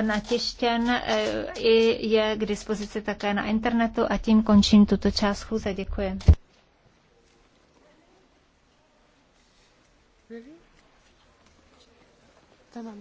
natištěn eh, i je k dispozici také na internetu a tím končím tuto část chůze. Děkuji. Really?